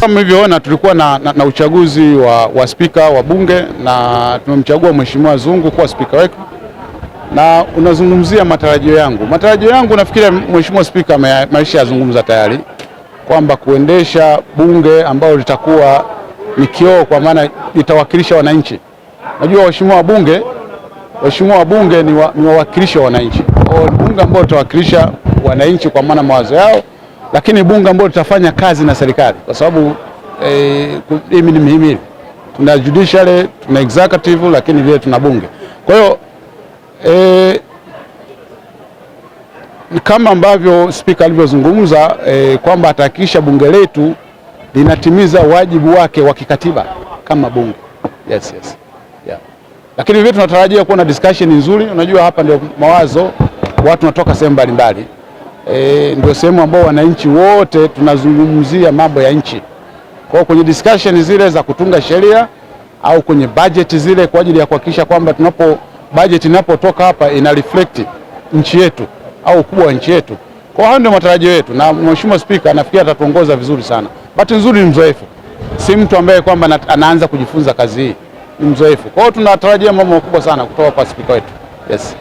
Kama mlivyoona tulikuwa na, na, na uchaguzi wa, wa spika wa bunge na tumemchagua Mheshimiwa Zungu kuwa spika wetu, na unazungumzia matarajio yangu. Matarajio yangu nafikiri Mheshimiwa Spika maisha yazungumza tayari kwamba kuendesha bunge ambalo litakuwa ni kioo, kwa maana litawakilisha wananchi. Najua waheshimiwa wabunge, waheshimiwa bunge ni wawakilishi wa wananchi, bunge ambalo litawakilisha wananchi kwa maana mawazo yao lakini bunge ambalo litafanya kazi na serikali kwa sababu eh, mimi ni mhimili, tuna judiciary, tuna executive, lakini vile tuna bunge. Kwa hiyo e, kama ambavyo spika alivyozungumza e, kwamba atahakikisha bunge letu linatimiza wajibu wake wa kikatiba kama bunge. Yes, yes. Yeah. Lakini vile tunatarajia kuwa na discussion nzuri. Unajua hapa ndio mawazo watu wanatoka sehemu mbalimbali e, ndio sehemu ambao wananchi wote tunazungumzia mambo ya nchi. Kwa hiyo kwenye discussion zile za kutunga sheria au kwenye bajeti zile kwa ajili ya kuhakikisha kwamba tunapo bajeti inapotoka hapa ina reflect nchi yetu au ukubwa wa nchi yetu. Kwa hiyo ndio matarajio yetu, na Mheshimiwa Spika nafikiri atatuongoza vizuri sana. Bahati nzuri ni mzoefu, si mtu ambaye kwamba anaanza kujifunza kazi hii, ni mzoefu. Kwa hiyo tunatarajia mambo makubwa sana kutoka kwa spika wetu. Yes.